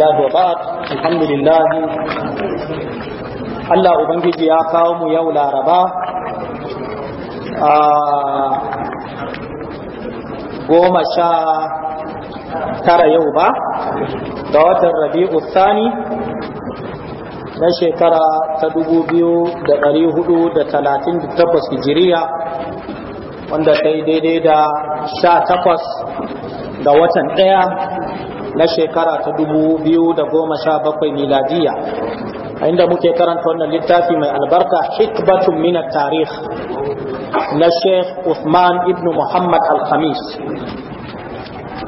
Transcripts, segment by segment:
alhamdulillah wa Allah ubangiji ya kawo mu yau laraba a ah, goma sha tara yau ba ga watan rabi'u thani na shekara ta dubu biyu da ɗari hudu da talatin da takwas hijiriya wanda ta yi daidai da sha takwas ga watan ɗaya na shekara ta dubu biyu da goma sha bakwai miladiya inda muke karanta wannan littafi mai albarka hikbatun mina tarih na sheikh Usman ibn Muhammad al-Khamis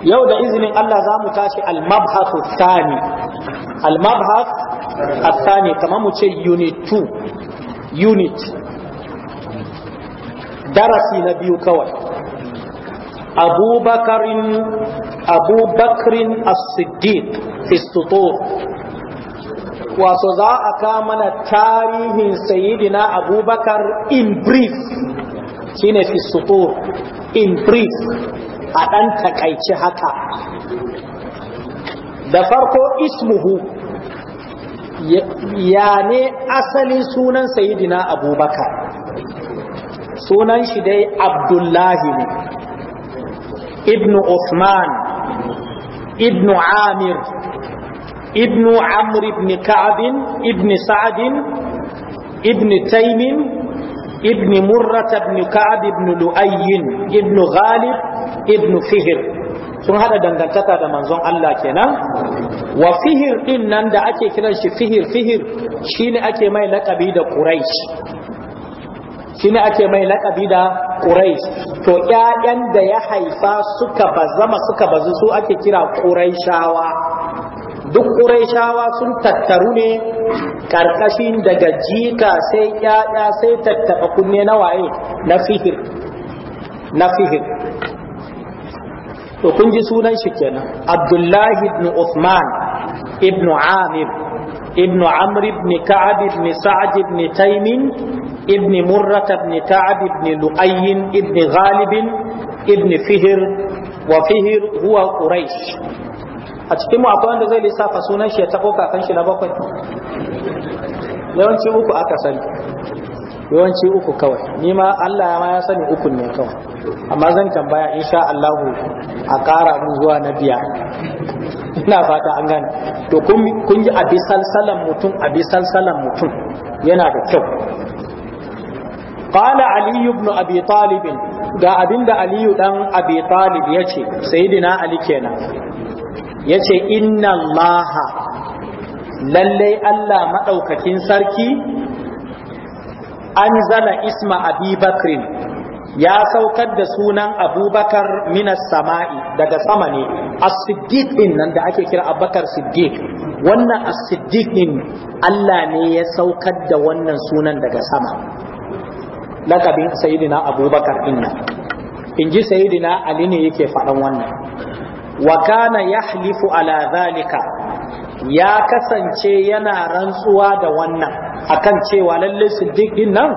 yau da izinin Allah za mu tashi al-mabhath thani al-mabhath thani kamar mu ce unit 2 unit darasi na biyu kawai abubakarin abubakarin as-siddiq istutur wato za a kamana tarihin sayidina abubakar in brief shine fistutur in brief a ɗan takaici haka da farko ismuhu yaane asalin sunan sayidina abubakar sunan shi dai abdullahi ne ibnu Usman, ibnu Amir ibnu Amr ibn Ka'ab ibn Sa'd ibn Taym Ibni Murrah ibn Ka'ab Ibnu Lu'ay Ibnu Ghalib ibn Fihr sun haɗa dangantaka da manzon Allah kenan wa fihir din nan da ake kiran shi fihir fihir shine ake mai lakabi da quraish shine ake mai lakabi da Quraysh to ƴaƴan da ya haifa suka bazama suka bazu su ake kira quraishawa duk quraishawa sun tattaru ne karkashin daga jika sai ƴaƴa sai tattaba kunne na waye na fihir na fihir to kun ji sunan shi kenan abdullahi ibn uthman ibn amir ibn amr ibn ka'ab ibn sa'd ibn taymin ابن مرة بن كعب بن لؤي ابن غالب ابن فهر وفهر هو قريش a cikin akwai wanda zai lissafa sunan shi ya tako kakan shi na bakwai yawanci uku aka sani yawanci uku kawai ni ma Allah ma ya sani uku ne kawai amma zan tambaya insha Allah a ƙara mu na biya ina fata an gane to kun ji abi salsalan mutum abi salsalan mutum yana da kyau qala Aliyu ibn abi talib ga abinda Aliyu dan abi talib yace sayyidina ali kenan yace inna allaha lallai allah madaukakin sarki anzala isma abi bakrin ya saukar da sunan abubakar minas sama'i daga sama ne as-siddiq din nan da ake kira abubakar siddiq wannan as-siddiq din Allah ne ya saukar da wannan sunan daga sama lakabin sayidina abubakar inna in ji sayidina ali ne yake faɗan wannan wa kana yahlifu ala zalika ya kasance yana rantsuwa da wannan akan cewa lallai siddiqin nan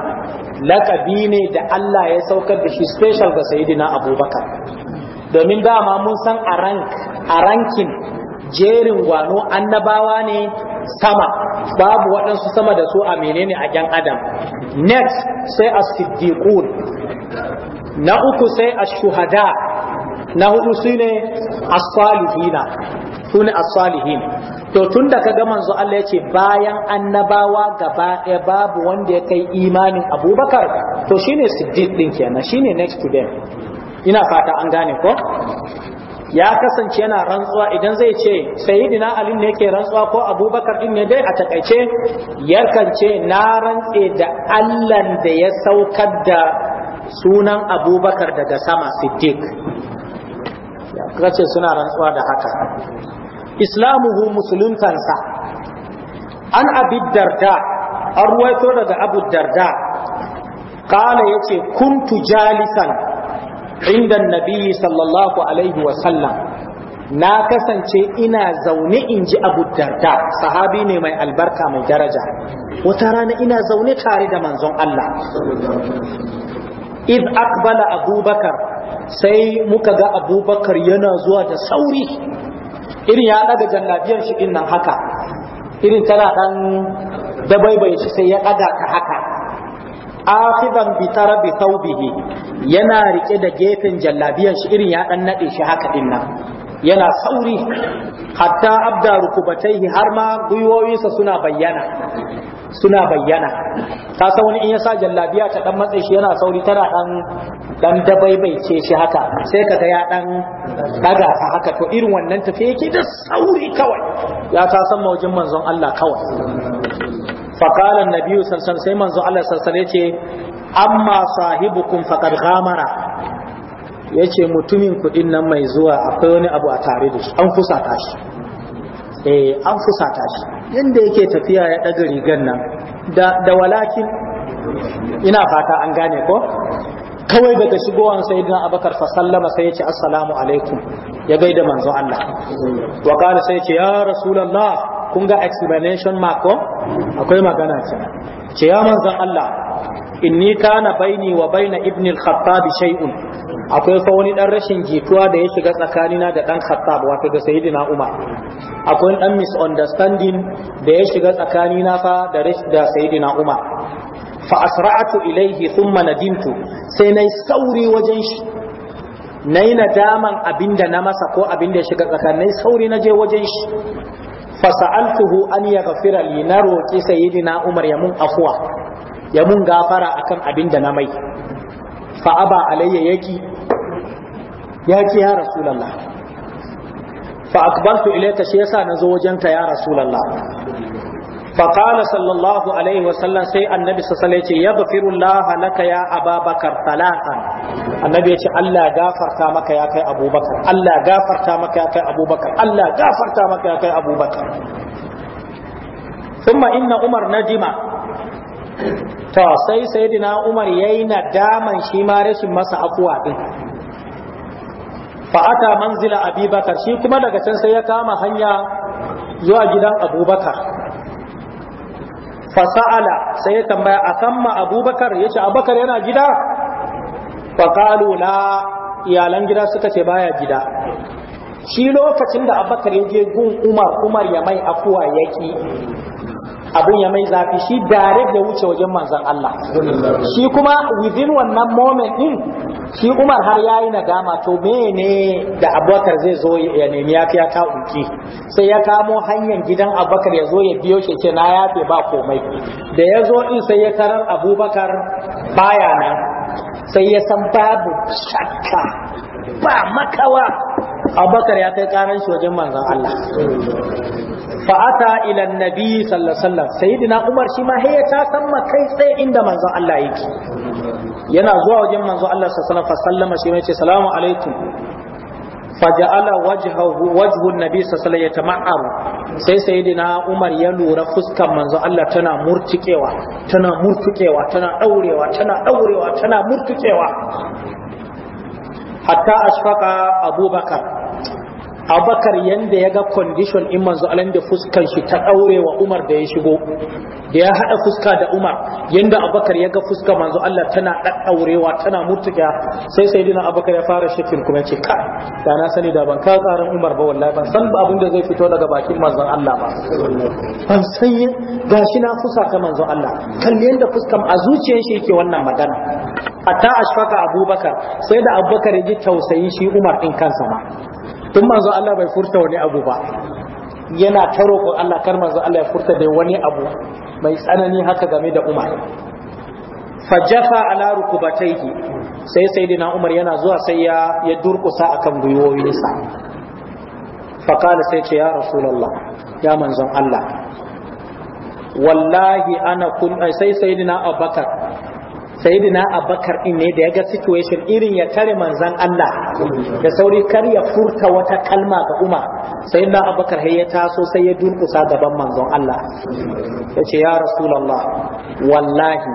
lakabi ne da Allah ya saukar da shi special ga sayidina abubakar domin dama mun san a rankin jerin gwano annabawa ne sama babu waɗansu sama da su a menene a ƴan adam next sai a siddiƙun na uku sai a shuhada na hudu a as-salihina ne a salihin to tun da ka ga manzo Allah ya ce bayan annabawa gaba ɗaya babu wanda ya kai imanin abubakar to shine siddiq ɗin kenan shine next to them ina fata an gane ko ya kasance yana rantsuwa idan zai ce sayyidina ali ne yake rantsuwa ko abubakar din ne dai a takaice yarkance na rantse da allan da ya saukar da sunan abubakar daga sama siddiq ya kace suna rantsuwa da haka islamuhu musuluntansa an abi darda an ruwaito daga abu darda kala yace kuntu jalisan inda nabi sallallahu alaihi wasallam na kasance ina zaune in ji abu darda sahabi ne mai albarka mai daraja wata rana ina zaune tare da manzon Allah id Akbala abubakar sai muka ga abubakar yana zuwa da sauri irin ya daga jannabiyar shi din nan haka irin tana dan dabaibai shi sai ya daga ta haka afidan bi tarabi thawbihi yana rike da gefen jallabiyar shi irin ya dan nade shi haka din nan yana sauri hatta abda rukubataihi har ma gwiwoyinsa suna bayyana suna bayyana ta san wani in ya sa jallabiya ta dan matse shi yana sauri tana dan dan dabaibaice shi haka sai kaga ya dan daga ta haka to irin wannan tafiye yake da sauri kawai ya ta san maujin manzon Allah kawai فقال النبي صلى الله عليه وسلم منزو الله صلى الله أما صاحبكم فقد غامر yace mutumin kudin nan mai zuwa akwai wani abu a tare da shi an fusata shi eh an fusata shi yanda yake tafiya ya daga rigar nan da da walakin ina fata an gane ko kawai daga shigowan sayyidina abakar fa sallama sai yace assalamu alaikum ya gaida manzo Allah wa kana sai yace ya rasulullah kun ga explanation mako akwai magana ce ce ya manzon Allah inni kana baini wa baina ibn al-khattab shay'un akwai fa wani dan rashin jituwa da ya shiga tsakanina da dan khattab wato da sayyidina umar akwai dan misunderstanding da ya shiga tsakanina fa da da sayyidina umar fa asra'atu ilayhi thumma nadimtu sai nayi sauri wajen shi nayi nadaman abinda na masa ko abinda ya shiga tsakanin nayi sauri je wajen shi fasa'altuhu an yaghfira li na roki sayyidina Umar ya mun afwa ya mun gafara akan abin da na mai fa aba alayya yaki yaki ya rasulullah fa akbartu ilayka shi yasa nazo wajenka ya rasulullah فقال صلى الله عليه وسلم سي النبي صلى الله عليه وسلم يغفر الله لك يا أبا بكر ثلاثا النبي يقول الله غافر تامك يا كي أبو بكر الله غافر تامك يا كي أبو بكر الله غافر تامك يا كي أبو بكر ثم إن عمر نجم to sai sayyidina Umar yayi nadaman shi ma rashin masa afuwa din fa ata manzila Abubakar shi kuma daga can sai ya kama hanya zuwa gidan Abubakar fasa'ala sai ya tambaya a ma abubakar ya ce abubakar yana gida faƙalu na iyalan gida suka ce baya gida shi lokacin da abubakar ya je gun umar umar ya mai afuwa yaƙi. abun ya mai zafi shi direct da wuce wajen manzon Allah shi kuma within wannan moment din shi Umar har ya yayi nadama to mene da Abubakar zai zo ya nemi yafiya ta uki sai ya kamo hanyar gidan Abubakar ya zo ya biyo shi ce na yafe ba komai da ya zo in sai ya tarar Abubakar baya nan sai ya san babu shakka ba makawa abubakar ya kai karan shi wajen manzon Allah fa'ata ila nabi sallallahu alaihi wasallam sayyidina umar shi ma ya ta san ma kai tsaye inda manzon Allah yake yana zuwa wajen manzon Allah sallallahu alaihi wasallam shi mai ce salamu alaikum faja'ala wajhahu wajhu nabi sallallahu alaihi wasallam sai sayyidina umar ya lura fuskar manzon Allah tana murtikewa tana murtikewa tana daurewa tana daurewa tana murtikewa hatta asfaka abubakar abubakar yanda ya ga condition in manzo Allah da fuskan shi ta daure Umar da ya shigo da ya hada fuska da Umar yanda abubakar ya ga fuska manzo Allah tana daurewa tana mutuka sai dina abubakar ya fara shakin kuma ce ka da na sani da ban ka tsarin Umar ba wallahi ban san abin da zai fito daga bakin manzo Allah ba ban san gashi na fusa ka manzo Allah kalle yanda fuskan a zuciyar shi yake wannan magana hatta ashfaka abubakar sai da abubakar ya ji tausayin shi umar din kansa ma tun manzo Allah bai furta wani abu ba yana ta roƙo Allah kar manzo Allah ya furta dai wani abu mai tsanani haka game da Umar fajafa ala rukubataihi sai sayyidina Umar yana zuwa sai ya ya durƙusa akan gwiwoyinsa faqala sai ce ya rasulullah ya manzon Allah wallahi ana kun sai sayyidina Abubakar sayidina abakar din ne da ya ga situation irin ya tare manzan Allah da sauri kar ya furta wata kalma ga Umar sayidina abakar sai ya taso sai ya durkusa gaban manzon Allah ya ce ya rasulullah wallahi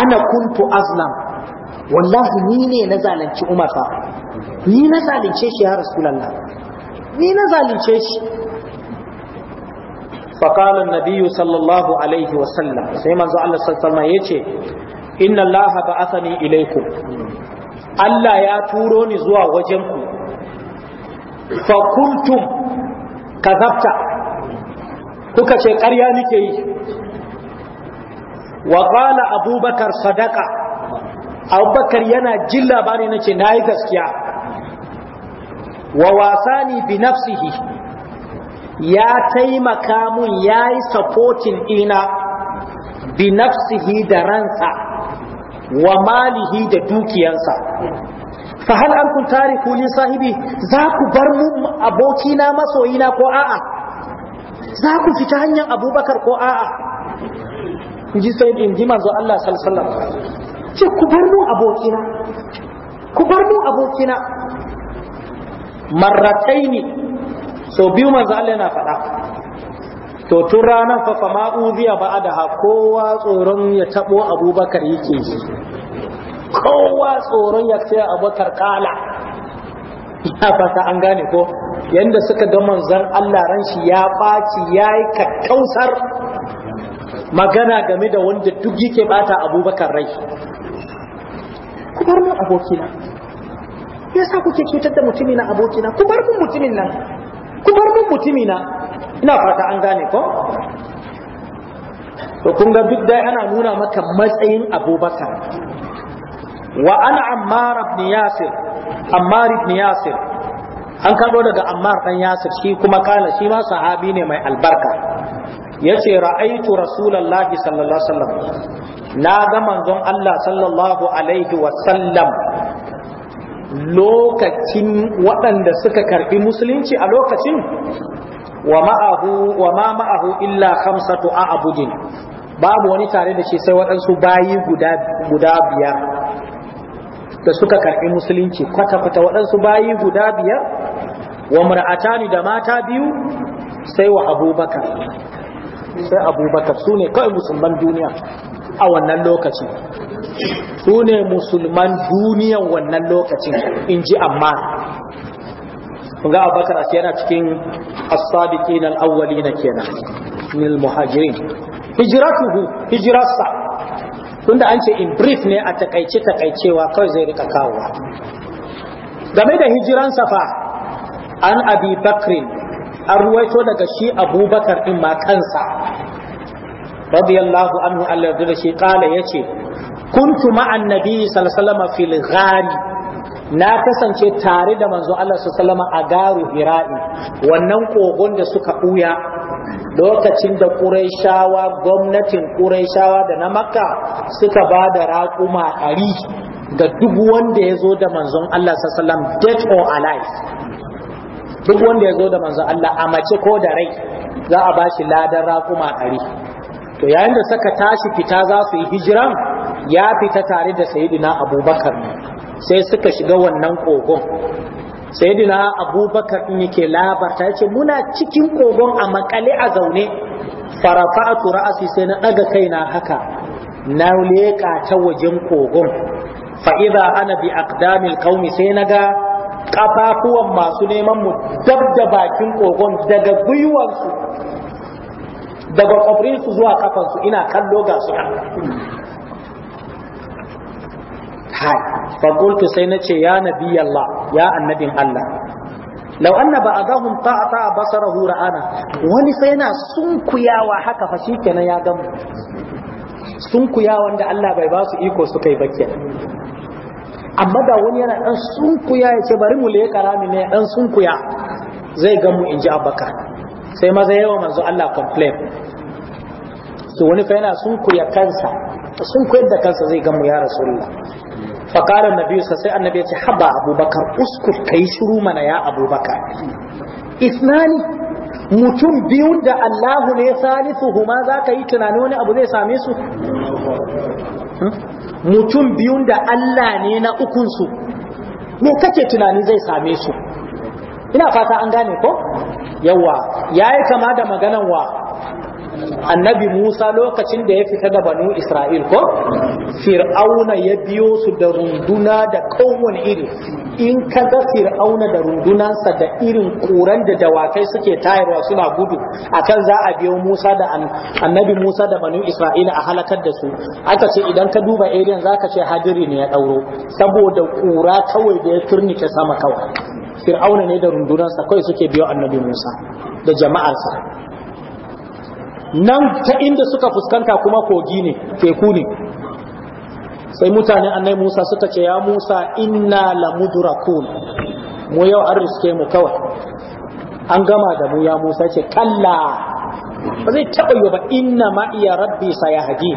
ana kuntu azlam wallahi ni ne na zalunci Umar fa ni na zalunce shi ya rasulullah ni na zalunce shi فقال النبي صلى الله عليه وسلم سيما الله صلى الله عليه وسلم inna allaha ba'athani ilaikum Allah ya turo ni zuwa wajen ku fa kuntum kazabta kuka ce ƙarya nike yi wa qala abubakar sadaka, abubakar yana jin labari nace nayi gaskiya wa wasani bi nafsihi ya taimaka mun yayi supporting ina bi nafsihi da ransa wa malihi da dukiyansa fa hal kun tariku li sahibi za ku bar mu abokina masoyina ko a'a za ku fita hanyar abubakar ko a'a inji sai ji manzo Allah sallallahu alaihi wasallam ce ku bar mu abokina ku bar mu na marrataini so biyu manzo Allah yana faɗa to tun ranar fa fama uziya ba a daha kowa tsoron ya tabo abubakar yake shi kowa tsoron ya ce abubakar kala ya fata an gane ko yanda suka ga manzon Allah ran shi ya baci yayi kakkausar magana game da wanda duk yake bata abubakar rai ku bar mu abokina yasa kuke cutar da mutumina abokina ku bar mu mutumin nan ku bar mu mutumina ina fata an gane ko to kun ga duk dai ana nuna maka matsayin abubakar wa ana ammar ibn yasir ammar ibn yasir an kado daga ammar dan yasir shi kuma kana shi ma sahabi ne mai albarka yace ra'aitu rasulullahi sallallahu alaihi wasallam na ga manzon Allah sallallahu alaihi wasallam lokacin waɗanda suka karbi musulunci a lokacin wa ma'ahu wa ma ma'ahu illa khamsatu a'budin babu wani tare da shi sai waɗansu bayi guda guda biyar da suka karɓi musulunci kwata kwata waɗansu bayi guda biyar wa mar'atani da mata biyu sai wa abubakar sai abubakar su ne kawai musulman duniya a wannan lokacin su ne musulman duniyan wannan lokacin in ji amma kun ga abubakar ashe yana cikin as-sabiqin na kenan min al-muhajirin hijratuhu tunda an ce in brief ne a takaice takaicewa kawai zai rika kawowa game da hijiransa fa an abi bakrin an ruwaito daga shi abubakar din ma kansa radiyallahu anhu Allah da shi kala yace kuntu ma'an nabi sallallahu alaihi wasallam fil ghari na kasance tare da manzo Allah su a garu hira'i wannan kogon da suka ɓuya lokacin da ƙuraishawa gwamnatin ƙuraishawa da na makka suka ba da raƙuma ɗari ga duk wanda ya zo da manzon Allah su dead or alive duk wanda ya zo da manzon Allah a mace ko da rai za a ba shi ladan raƙuma ɗari to yayin da suka tashi fita za su yi hijiran ya fita tare da sayidina abubakar ne sai suka shiga wannan kogon sai dina abubakar ne ke labarta ya ce muna cikin kogon a makale a zaune tura ra'asi sai na ɗaga kaina haka na leka ta wajen kogon fa'ida ana bi aqdamil kaumi sai na ga kafafuwan masu neman mu dab da bakin kogon daga gwiwansu daga kwafirinsu zuwa kafansu, ina kallo ga su فقلت سينتي يا نبي الله يا النبي الله لو أن بعضهم طعطع بصره رآنا wani sai yana sunkuyawa haka fa shikenan ya gamu sunkuyawan da Allah bai ba su iko suka yi bakke amma da wani yana ɗan sunkuya ya ce bari mu leka rami ne dan sunkuya zai gamu in ji abaka sai maza yawa manzo Allah complain to wani fa yana sunkuya kansa sun da kansa zai gamu ya rasulullah faƙarar biyu sai annabi ya ce haba abubakar uskur ka yi shiru mana ya abubakar isnani mutum biyu da allahu ne salisu huma za ka yi tunani wani abu zai same su mutum biyu da allah ne na ukunsu me kake tunani zai same su ina fata an gane ko yawa ya yi kama da maganan wa annabi Musa lokacin da ya fita da banu Isra'il ko fir'auna ya biyo su da runduna da kowane iri in ka ga fir'auna da rundunansa da irin kuran da dawakai suke tayarwa suna gudu akan za a biyo Musa da annabi Musa da banu Isra'il a halakar da su aka ce idan ka duba irin zaka ce hadiri ne ya dauro saboda ƙura kawai da ya turnike sama kawai fir'auna ne da rundunansa kawai suke biyo annabi Musa da jama'arsa nan ta inda suka fuskanta kuma kogi ne teku ne sai mutane annai musa suka ce ya musa inna lamudrakun mu yau an riske mu kawai an gama da mu ya musa ce kalla ba zai taɓa yi ba inna ma iya rabbi sa ya haji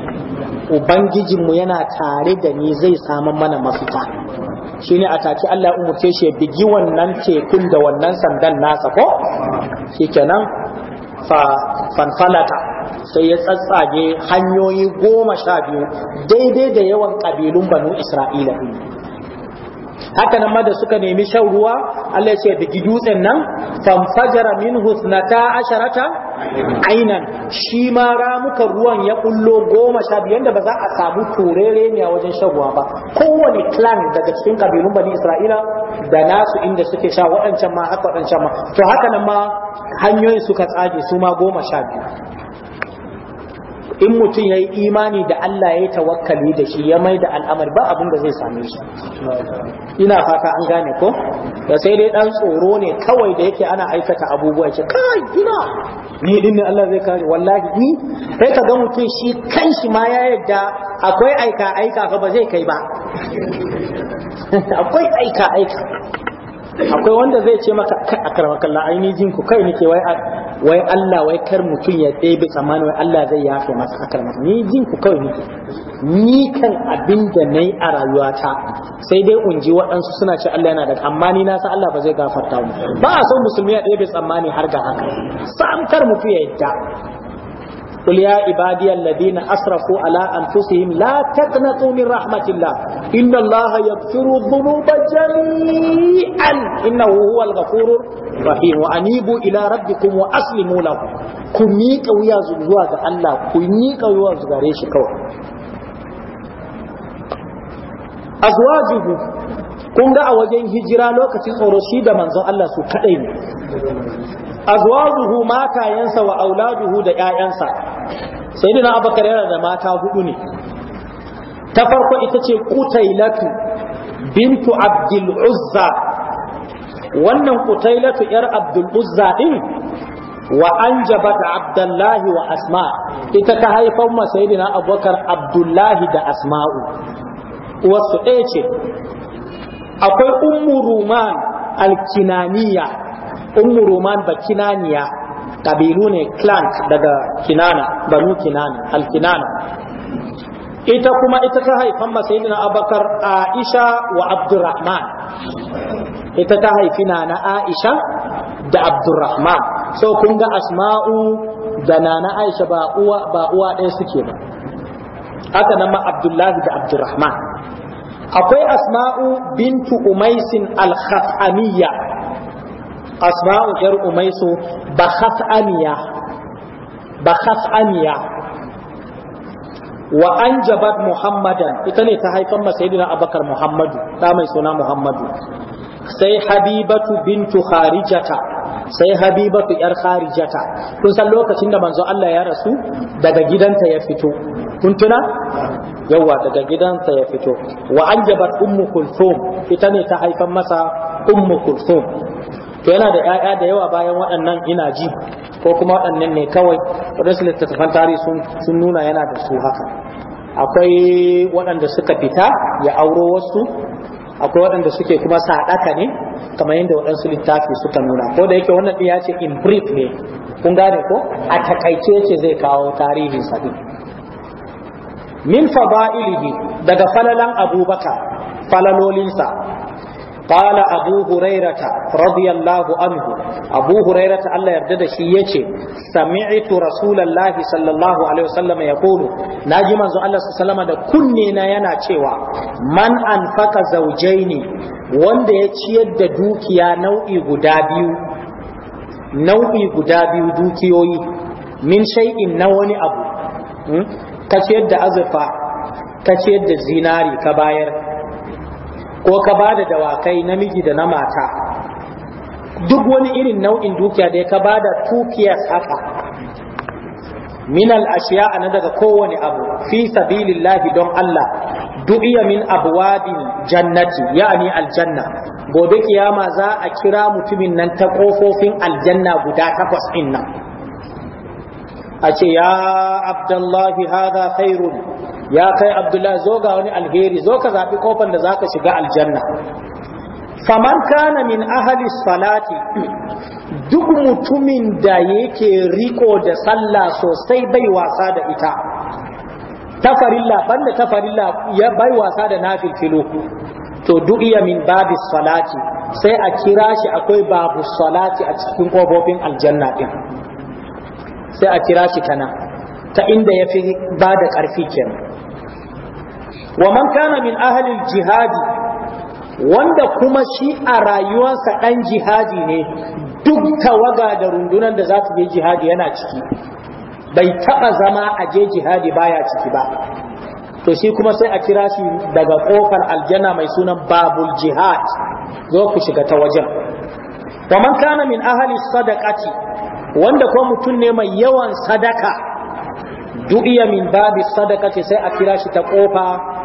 ubangijinmu yana tare da ni zai samun mana mafita Shi ne a take Allah umurce shi ya bigi wannan tekun da wannan sandan nasa ko shikenan fa fanfalata sai ya tsatsage hanyoyi goma sha biyu daidai da yawan ƙabilun banu isra'ila haka nan ma da suka nemi shan ruwa Allah ya ce bigi dutsen nan fajara min husnata asharata ainan shi ma ramukan ruwan ya kullo goma sha biyu yanda ba za a samu turere ne a wajen shan ruwa ba kowane clan daga cikin kabilun bani Isra'ila da nasu inda suke sha waɗancan ma haka waɗancan ma to haka nan ma hanyoyin suka tsage su ma goma sha biyu in mutum ya yi imani da Allah ya yi tawakkali da shi ya mai da al'amari ba abin da zai same shi ina fata an gane ko da sai dai ɗan tsoro ne kawai da yake ana aikata abubuwa ce kai ina ni din ne Allah zai kare wallahi ni sai ka ga mutum shi kanshi ma ya yadda akwai aika aika fa ba zai kai ba akwai aika aika akwai wanda zai ce maka a karmakalla ainihin ku kai nake wai wai Allah wai kar mutum ya ɗebe tsammani wai Allah zai yafe masa a karmakalla ni jin ku kawai nake ni kan abin da na yi a rayuwata sai dai unji waɗansu suna ce Allah yana da amma ni na san Allah ba zai gafarta mu ba a son musulmi ya ɗebe tsammani har ga haka sam kar mutum ya yadda قل يا عبادي الذين أسرفوا على أنفسهم لا تقنطوا من رحمة الله إن الله يغفر الذنوب جميعا إنه هو الغفور الرحيم وأنيبوا إلى ربكم وأسلموا له كميك ويازو زواج الله كميك ويازو غريش كوي أزواجه كنغا أوجين هجرا لوكتي صورو رشيد منزو الله سبحانه azwajuhu makayansa wa auladuhu da ƴaƴansa sayyidina abubakar yana da mata hudu ne ta farko ita ce qutailatu bintu abdul uzza wannan qutailatu yar abdul uzza din wa anjabat abdullahi wa asma ita ta haifar ma sayyidina abubakar abdullahi da asma'u Wasu ɗaya ce akwai umuruman ruman alkinaniya ummu ruman ba kinaniya kabilu ne clan daga kinana banu kinana al kinana ita kuma ita ta haifan Sayyidina abakar aisha wa abdurrahman ita ta haifi nana aisha da abdurrahman so kun ga asma'u da nana aisha ba uwa ba uwa ɗaya suke ba haka nan ma abdullahi da abdurrahman akwai asma'u bintu umaisin al-khatamiyya asma'u yar umaisu ba khas'aniya ba khas'aniya wa anjabat muhammadan ita ne ta haifan masayidina abakar muhammadu ta mai suna muhammadu sai habibatu bintu kharijata sai habibatu yar kharijata kun san lokacin da manzo Allah ya rasu daga gidanta ya fito kun tuna yawa daga gidanta ya fito wa anjabat ummu kulthum ita ne ta haifan masa ummu kulthum to yana da ƴaƴa da yawa bayan waɗannan ina ji ko kuma waɗannan ne kawai waɗansu littattafan tarihi sun nuna yana da su haka akwai waɗanda suka fita ya auro wasu akwai waɗanda suke kuma saɗaka ne kamar yadda waɗansu littafi suka nuna ko da yake wannan ya ce in brief ne kun gane ko a takaice ce zai kawo tarihin sabi min fada'ilihi daga falalan abubakar falalolinsa qala Abuhurairata, hurairata radiyallahu anhu abu Allah yarda da shi yace sami'tu rasulullahi sallallahu alaihi wasallam yaqulu naji manzo Allah sallallahu da kunne na yana cewa man anfaqa ne. wanda ya ciyar da dukiya nau'i guda biyu nau'i guda biyu dukiyoyi min shay'in na wani abu ka ciyar da azurfa ka ciyar da zinari ka bayar ko ka ba da dawakai namiji da na mata duk wani irin nau'in dukiya da ka ba da tukiyar haka minal ashiya na daga kowane abu fi sabilillahi don Allah iya min abwabin jannati ya'ani aljanna gobe kiyama za a kira mutumin nan ta kofofin aljanna guda takwas innan. nan a ce ya abdullahi hadha khairun ya kai abdullahi zo ga wani alheri zo ka zaɓi kofar da za ka shiga aljanna faman kana min ahli salati duk mutumin da yake riko da sallah sosai bai wasa da ita tafarilla banda tafarilla ya bai wasa da nafilfilo to duk ya min babi salati sai a kira shi akwai babu salati a cikin kofofin aljanna din sai a kira shi kana ta inda ya fi ba da ƙarfi kenan wa man kana min ahalil jihadi wanda kuma shi a rayuwarsa ɗan jihadi ne duk tawaga da rundunar da za ta je jihadi yana ciki bai taɓa zama a je jihadi baya ciki ba to shi kuma sai a kira shi daga ƙofar aljanna mai sunan babul jihad zo ku shiga ta wajen wa man kana min ahli sadaqati wanda ko mutum ne mai yawan sadaka du'iya min sadaka sadaqati sai a kira shi ta ƙofa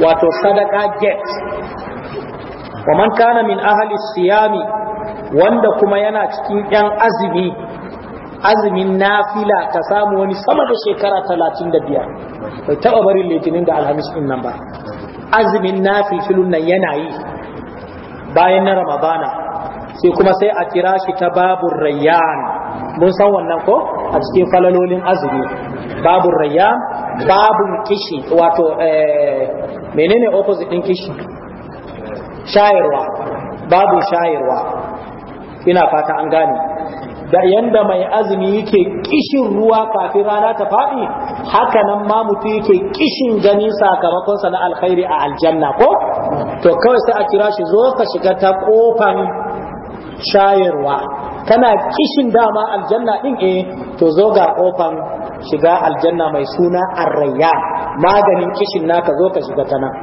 wato sadaka get wa man kana min ahli siyami wanda kuma yana cikin yan azumi azumin nafila ta samu wani sama da shekara 35 bai taba barin litinin da alhamis din nan ba azumin nafilun nan yana yi bayan na ramadana sai kuma sai a kira shi ta babur rayyan mun san wannan ko a cikin falalolin azumi babur rayyan babun kishi wato eh, menene opposite din kishi shayarwa babu shayarwa ina fata an gane da yanda mai azumi yake kishin ruwa kafin rana ta faɗi haka nan ma mutum yake kishin gani sakamakon sa na alkhairi a aljanna ko to kawai sai a kira shi zo ka shiga ta kofan shayarwa kana kishin dama aljanna din eh to zo ga kofan shiga aljanna mai suna arrayya maganin kishin naka zo ka shiga ta nan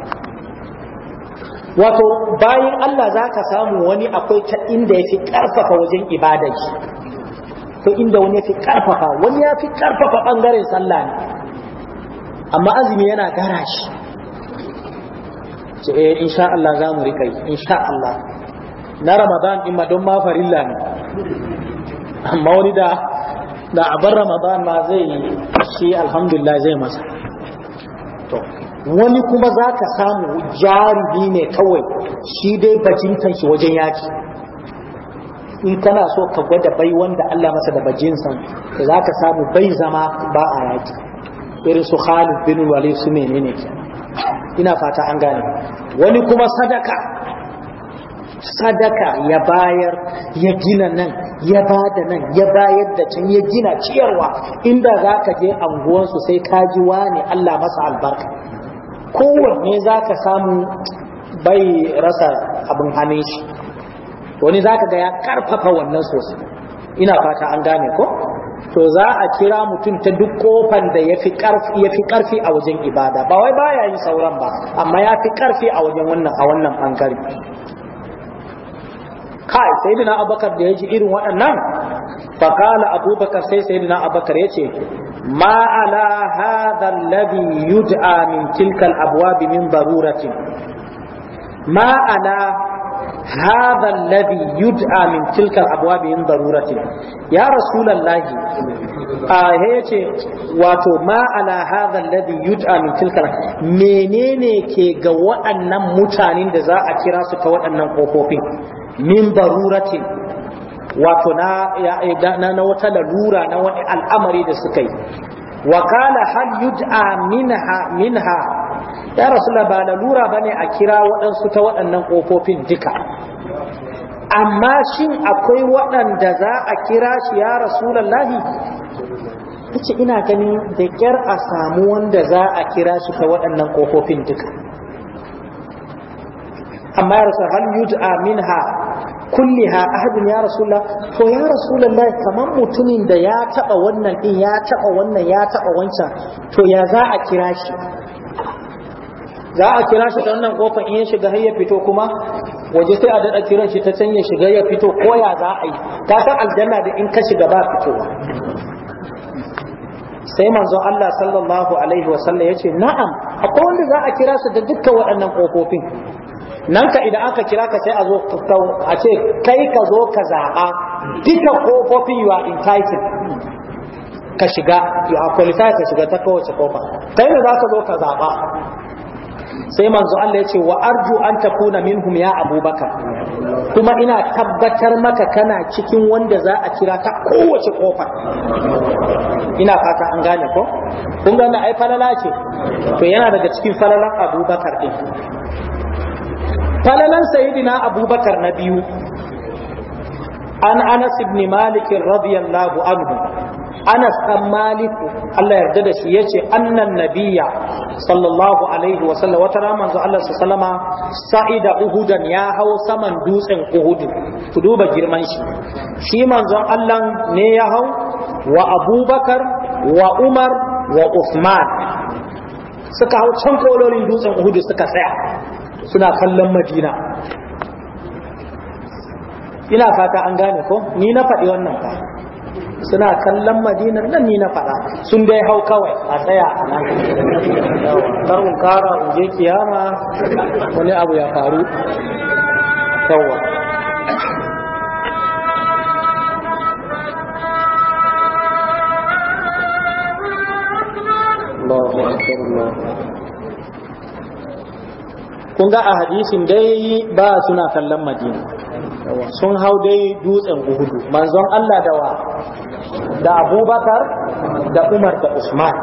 wato bayan Allah za ka samu wani akwai ta inda ya fi ƙarfafa wajen ibadar shi ko inda wani ya fi ƙarfafa wani ya fi ƙarfafa ɓangaren sallah ne amma azumi yana gara shi ce eh insha Allah za mu riƙa yi insha Allah na ramadan in ma don ma farilla ne amma wani da da abar ramadan ma zai yi, shi alhamdulillah zai masa to wani kuma za ka samu jaribi ne kawai shi dai bajintan shi wajen yaki in kana so ka gwada bai wanda Allah masa da bajinsan to za ka samu bai zama ba a yaki irin su Khalid bin Walid su menene ina fata an gane wani kuma sadaka sadaka ya bayar ya gina nan ya ba da nan ya bayar da can ya gina ciyarwa inda za ka je anguwansu sai ka ji Allah masa albarka kowanne za ka samu bai rasa abin hannun shi wani za ka ga ya karfafa wannan sosai ina fata an gane ko to za a kira mutum ta duk kofan da ya fi karfi a wajen ibada ba wai baya yin sauran ba amma ya fi karfi a wajen wannan a wannan bangare kai sayyidina abubakar da ya ji irin waɗannan faƙala abubakar sai sayyidina abubakar ya ce ma ala hadha alladhi yud'a min tilka al min daruratin ma ala hadha alladhi yud'a min tilka al min daruratin ya rasulallahi a ya ce wato ma ala hadha alladhi yud'a min tilka menene ke ga waɗannan mutanen da za a kira su ta waɗannan ƙofofin? min daruratin wato na na wata lalura na wani al'amari da suka yi wakala hal yud'a minha minha ya rasulullah ba lalura bane a kira waɗansu ta waɗannan ƙofofin duka amma shin akwai waɗanda za a kira shi ya rasulullah yace ina ganin da kyar a samu wanda za a kira shi ta waɗannan ƙofofin duka amma ya rasulullah hal yud'a minha kulliha ahadin ya rasulullah to ya rasulullah kamar mutumin da ya taba wannan din ya taba wannan ya taba wancan to ya za a kira shi za a kira shi dan nan kofar in ya shiga har ya fito kuma waje sai a dada kiran shi ta can ya shiga ya fito ko ya za a yi ka san aljanna da in ka shiga ba fitowa sai manzo Allah sallallahu alaihi wa sallam yace na'am akwai wanda za a kira su da dukkan waɗannan kofofin nan ka idan aka kira ka sai a zo a ce kai ka zo ka zaɓa duka kofofin yiwa are entitled ka shiga you kwalita qualified ka shiga ta kowace kofa kai ne za ka zo ka zaɓa sai manzo Allah ya ce wa arju an min minhum ya abubakar kuma ina tabbatar maka kana cikin wanda za a kira ta kowace kofa ina fata an gane ko kun gane ai falala ce to yana daga cikin falalan abubakar din falalan sayidina abubakar na biyu an anas ibn malik radiyallahu anhu anas dan malik Allah yarda da shi yace annan nabiyya sallallahu alaihi wa sallam wata raman zu Allah sallama sa'ida uhudan ya hau saman dutsen uhud ku duba girman shi shi manzon Allah ne ya hau wa abubakar wa umar wa uthman suka hau can kololin dutsen uhud suka tsaya suna kallon madina ina fata an gane ko ni na faɗi wannan ba suna kallon madina nan ni na faɗa sun dai hau kawai a tsaya a nan karun kara je kiyama wani abu ya faru yawa Allahu akbar akbar kun ga a hadisin dai ba suna kallon madina sun hau dai dutsen uhudu manzon Allah da wa da abubakar da umar da usman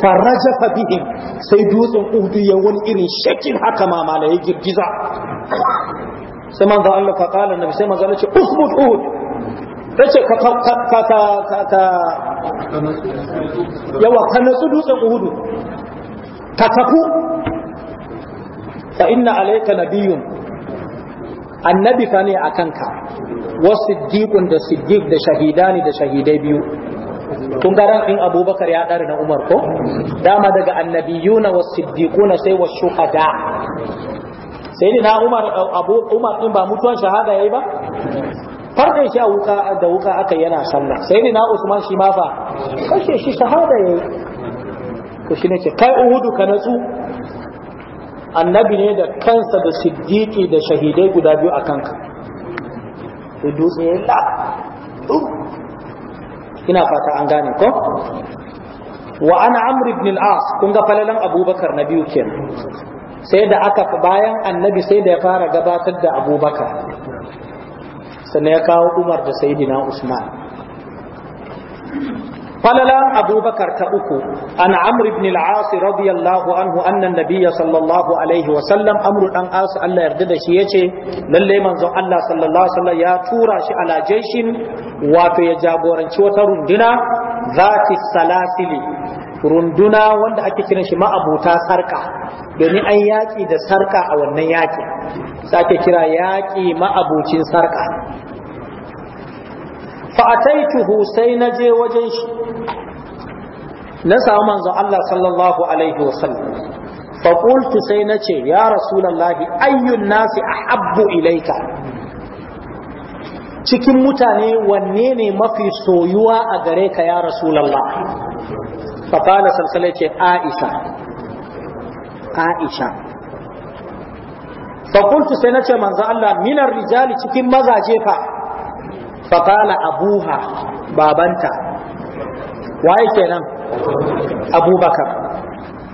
farraja fa bihim sai dutsen uhudu ya wani irin shakin haka mamala ya girgiza sai manzon Allah ka kala na sai manzon Allah ce usmut uhud Ta ka ka ka ka dutsen uhudu ka kafu fa inna alayka nabiyyun annabi ka ne akan ka wa siddiqun da siddiq da shahidani da shahidai biyu kun ga ran in abubakar ya dare na umar ko dama daga annabiyuna wa siddiquna sai was shuhada sai na umar abu umar din ba mutuwan shahada yayi ba farɗe shi a wuka da wuka aka yana sallah sai na usman shi ma fa kashe shi shahada yayi shi shine ce kai uhudu ka natsu annabi ne da kansa da siddiki da shahidai guda biyu a kanka sai dutse ya la ina fata an gane ko wa ana amr ibn al-as kun ga falalan abubakar na biyu kenan sai da aka bayan annabi sai da ya fara gabatar da abubakar sannan ya kawo umar da sayyidina usman falala abubakar ta uku an amr ibn al-as radiyallahu anhu anna nabiyya sallallahu alaihi wa sallam amru dan as Allah yarda da shi yace lallai manzo Allah sallallahu alaihi wasallam ya tura shi ala jaishin wato ya jagoranci wata runduna zati salasili runduna wanda ake kiran shi ma'abuta sarƙa domin an yaƙi da sarƙa a wannan yaƙi sake kira yaƙi ma'abucin sarka fa'ataituhu sai na je wajen shi na samu manzon Allah sallallahu alaihi wasallam fa qultu sai nace ya rasulullahi ayyun nasi ahabbu ilaika cikin mutane wanne ne mafi soyuwa a gare ka ya rasulallah faƙala salsala ce aisha aisha faƙultu sai na ce manzo Allah minar rijali cikin mazaje fa faƙala abuha babanta waye kenan abubakar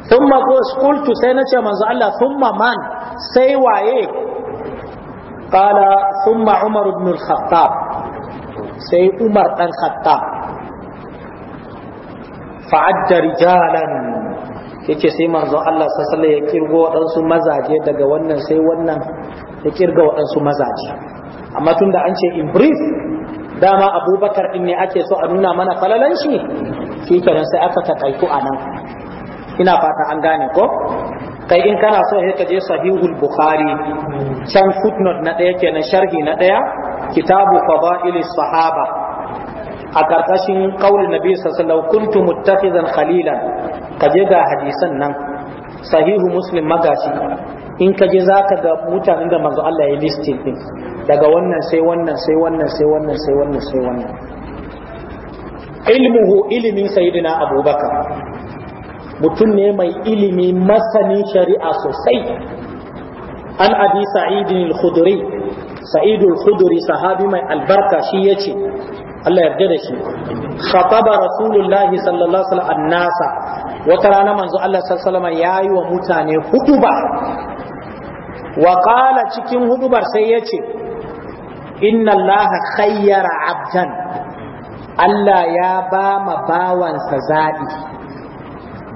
thumma qultu sai na ce manzo Allah sun man sai waye qala thumma umar ibn al-khattab sai umar dan khattab fa'adda rijalan yace sai manzo Allah sallallahu ya kirgo waɗansu mazaje daga wannan sai wannan ya kirga waɗansu mazaje amma da an ce in brief dama abubakar ɗin ne ake so a nuna mana falalan shi shi kenan sai aka taƙaitu a nan ina fata an gane ko kai in kana so ka je sahihul bukhari can footnote na ɗaya kenan sharhi na ɗaya kitabu fada'il sahaba a karkashin qaulin nabi sallallahu alaihi wasallam kuntu khalilan ka je ga hadisan nan sahihu muslim magashi in ka je zaka ga mutanen da manzo Allah ya listing din daga wannan sai wannan sai wannan sai wannan sai wannan sai wannan ilmuhu ilimin sayidina abubakar mutum ne mai ilimi masanin shari'a sosai an abi sa'idin al-khudri sa'idul khudri sahabi mai albarka shi yace Allah yarda da shi khataba rasulullahi sallallahu alaihi wasallam annasa wata rana manzo Allah sallallahu alaihi wasallam yayi wa mutane hutuba wa qala cikin hutubar sai yace inna allaha khayyara abdan Allah ya ba ma bawansa zaɓi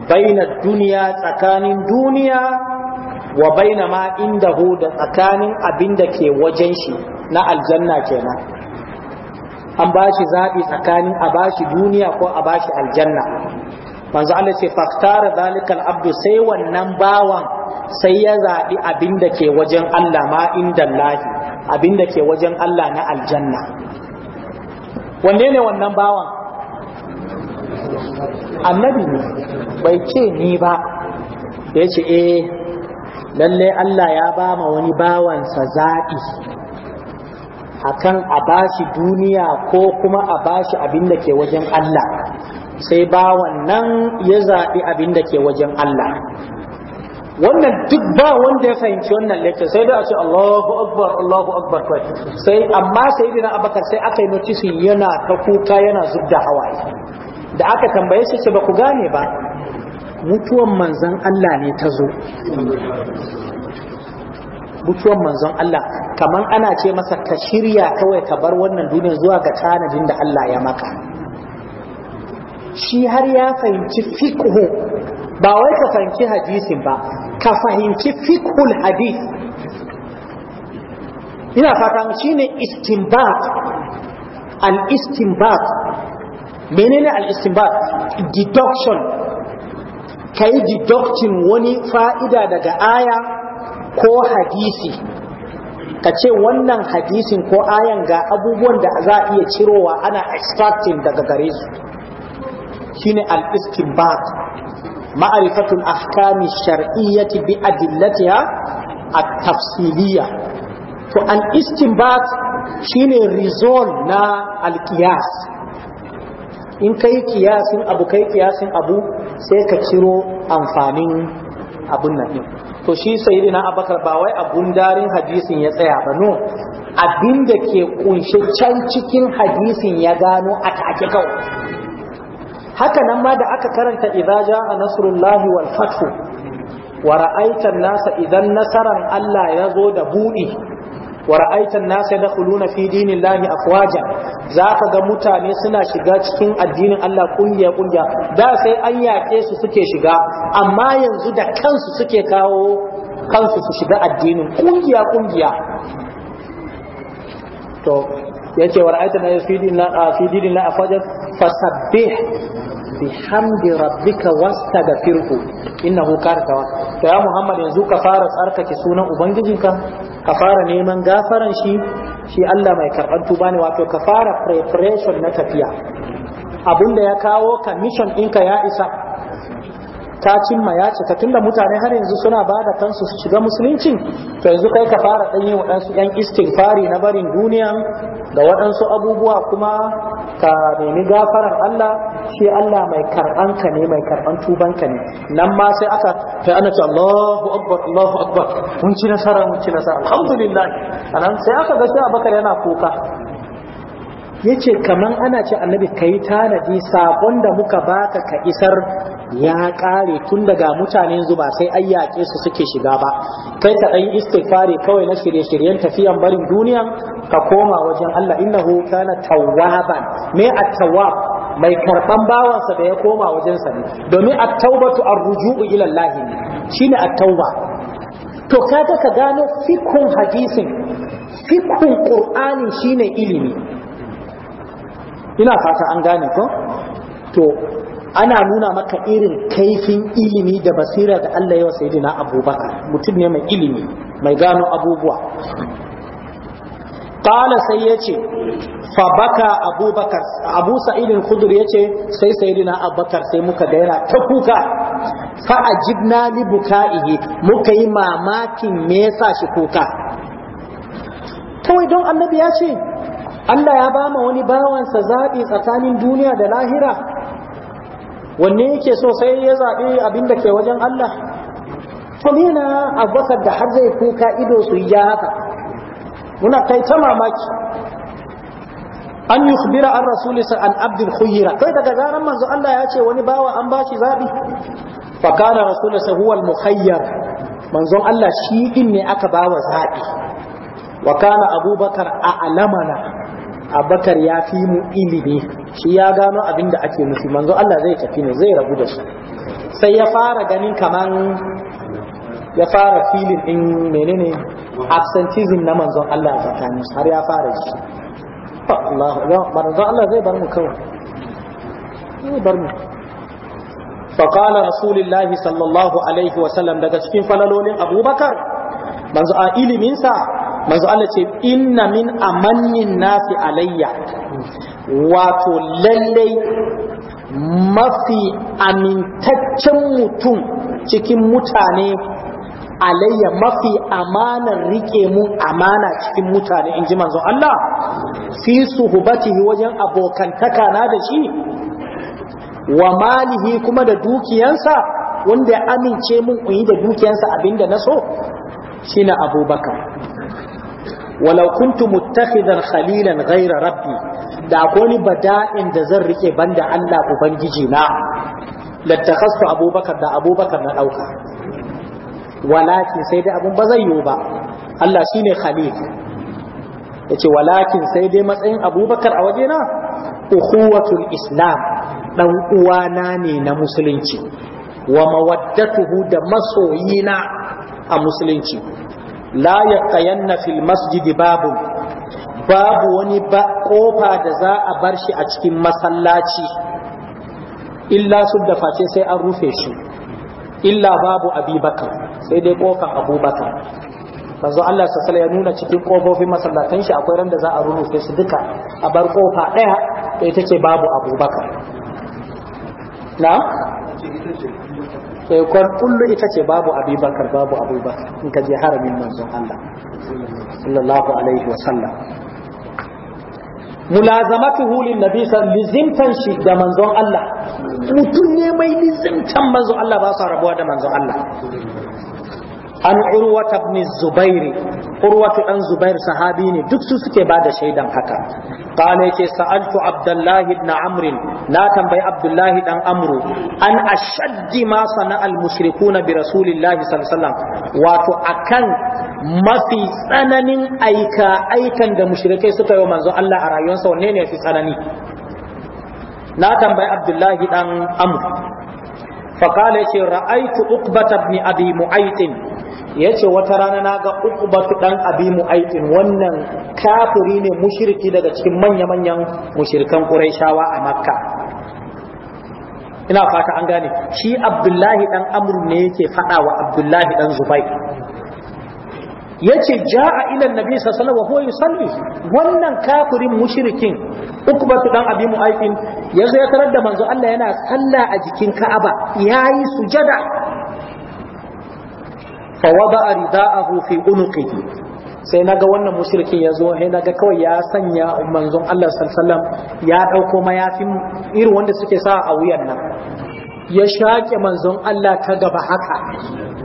baina duniya tsakanin duniya wa baina ma inda da tsakanin abin da ke wajen shi na aljanna kenan an ba shi zaɓi tsakanin a ba shi duniya ko a ba shi aljanna manzo Allah ce faktara zalikal abdu sai wannan bawan sai ya zaɓi abin da ke wajen Allah ma inda lahi abin da ke wajen Allah na aljanna wanne ne wannan bawan annabi bai ce ni ba ya ce eh lalle Allah ya ba ma wani bawansa zaɓi akan a bashi duniya ko kuma a bashi abin da ke wajen Allah sai bawan nan ya zaɓi abin da ke wajen Allah wannan duk ba wanda ya fahimci wannan lecture sai da a ce Allahu Akbar Allahu Akbar kai sai amma sai sayyidina Abubakar sai aka yi notice yana ta kuka yana zubda hawaye da aka tambaye shi ce ba ku gane ba mutuwan manzon Allah ne ta zo mutuwan manzon Allah kaman ana ce masa ka shirya kawai ka bar wannan duniya zuwa ga tanadin da Allah ya maka shi har ya fahimci fiqh ba wai ka fahimci hadisin ba ka fahimci fikul hadis. ina fatan shine istinbat al istinbat menene al istinbat deduction kai deducting wani fa'ida daga aya ko hadisi ka ce wannan hadisin ko ayan ga abubuwan da za a iya cirowa ana extracting daga gare su ne al istinbat ma'arifatul ahkami shar'iyyati bi adillatiha at-tafsiliyya to al istinbat shine result na alkiyas. qiyas in kai kiyasin abu kai kiyasin abu sai ka ciro amfanin abun nan din to shi sayyidina abakar ba wai abun darin hadisin ya tsaya ba no abinda ke kunshe can cikin hadisin ya gano a take kau. haka nan ma da aka karanta idza jaa nasrullahi wal fathu wa ra'aita nasa idan nasaran Allah ya zo da buɗi wa ra'aita nasa yadkhuluna fi dinillahi afwaja za ka ga mutane suna shiga cikin addinin Allah kungiya kungiya da sai an yaƙe su suke shiga amma yanzu da kansu suke kawo kansu su shiga addinin kungiya kungiya to yace wa ra'aita nasa fi dinillahi afwaja fasabbih bihamdi rabbika wastaghfirhu innahu kana to ya Muhammad yanzu ka fara tsarkake sunan ubangijinka ka fara neman gafaran shi shi Allah mai karban tuba ne wato ka fara preparation na tafiya abinda ya kawo ka mission ya isa ka cimma ya cika tunda mutane har yanzu suna ba da kansu su shiga musuluncin to yanzu kai ka fara ɗan yi waɗansu ɗan istighfari na barin duniya da waɗansu abubuwa kuma ka nemi gafaran Allah shi Allah mai karɓan ka ne mai karɓan tuban ka ne nan ma sai aka fi ana ce Allahu akbar Allahu akbar mun ci nasara mun ci nasara alhamdulillah anan sai aka ga shi Abakar yana kuka yace kaman ana ce annabi kayi tanadi sakon da muka baka ka isar ya kare tun daga mutane zuba sai ayyake su suke shiga ba kai ka dan istighfari kawai na shirye-shiryen tafiyan barin duniya ka koma wajen Allah innahu kana tawwaban me at mai karban bawansa da ya koma wajensa ne domin at-taubatu ar-ruju'u ila Allah ne shine at-tauba to kaga ka gano fikun hadisin fikun qur'ani shine ilimi ina fata an gane ko to ana nuna maka irin kaifin ilimi da basira da Allah ya wasa na abubakar mutum ne mai ilimi mai gano abubuwa Kala sai ya ce, Fabaka abubakar, Abu Sa'idin Kudur ya ce, sai Sayyidina Abubakar sai muka daina ta kuka, fa'ajibna li buka'ihi muka yi mamakin me yasa shi kuka. Kawai don annabi ya ce, Allah ya ba ma wani bawansa zaɓi tsakanin duniya da lahira wanne yake so sai ya zaɓi abin da ke wajen Allah to abbasar da har zai kuka ido su yi haka muna kai ta mamaki an yi khubira an rasulisa an abdul khuyira kai daga zaran manzo Allah ya ce wani bawa an bashi zaɓi fa kana rasulisa huwa mukhayyar manzon Allah shi ɗin ne aka bawa zaɓi Wakana abubakar a alamana abakar ya fi mu ilimi shi ya gano abin da ake nufi manzo Allah zai tafi ne zai rabu da su sai ya fara ganin kaman ya fara filin din menene absentism na manzon Allah a tsakanin har ya fara shi Allah manzon Allah zai bar mu kawai zai bar mu فقال رسول الله صلى الله عليه وسلم daga cikin falalolin Abubakar manzo a ilimin sa manzo Allah ce inna min amannin nasi alayya wato lallai mafi amintaccen mutum cikin mutane alayya mafi amanar rike mun amana cikin mutane in ji manzo Allah fi suhbatihi wajen abokantaka na da shi wa malihi kuma da dukiyansa wanda ya amince mun in da dukiyansa abinda na so shine abubakar walau kuntu muttakhidan khalilan ghaira rabbi da akwai ni bada'in da zan rike banda Allah ubangiji na lattakhastu abubakar da abubakar na dauka walakin sai dai abun ba zai yiwu ba Allah shine khalil yace walakin sai dai matsayin abubakar a waje na? ukhuwatul islam dan uwa na ne na musulunci wa mawaddatuhu da masoyina a musulunci la yaqayanna fil masjidi babu babu wani ba kofa da za a bar shi a cikin masallaci illa da face sai an rufe shi illa babu abubakar sai dai kofar abubakar manzo Allah sassala ya nuna cikin kofofin masallatan shi akwai randa za a rufe su duka a bar kofa ɗaya da ita ce babu abubakar na Eh, kwan kullu ita ce babu abubakar babu abubakar in ka je haramin manzon Allah sallallahu alaihi wa sallam mulazamatuhu lin nabi lizimtan shi da manzon Allah mutum ne mai lizimtan manzon Allah ba sa rabuwa da manzon Allah an urwata ibn zubair urwatu dan zubair sahabi ne duk su suke ba da shaidan haka qala yace sa'altu abdullah ibn amr na tambayi abdullah dan amru an ashaddi ma sana al mushrikuna bi rasulillah sallallahu alaihi wasallam wato akan mafi tsananin aika aikan da mushrikai suka yi wa manzo Allah a rayuwarsa wanne ne fi tsanani na tambayi abdullahi dan amru فقال يا ra'aitu uqbata ibn abi mu'aitin ya ce wata rana na ga uqbatu dan abi wannan kafiri ne mushriki daga cikin manya-manyan mushrikan quraishawa a makka ina fata an gane shi abdullahi dan amr ne yake fada wa abdullahi dan zubair yace ja'a ila nabi sallallahu alaihi wasallam yusalli wannan kafirin mushrikin ukbatu dan abi muaifin yanzu ya tarar da manzo Allah yana sallah a jikin Ka'aba yayi sujada fa wada rida'ahu fi unuqihi sai naga wannan mushrikin yazo sai naga kawai ya sanya manzon Allah sallallahu alaihi wasallam ya dauko mayafin irin wanda suke sa a wuyan nan ya shake manzon Allah ta gaba haka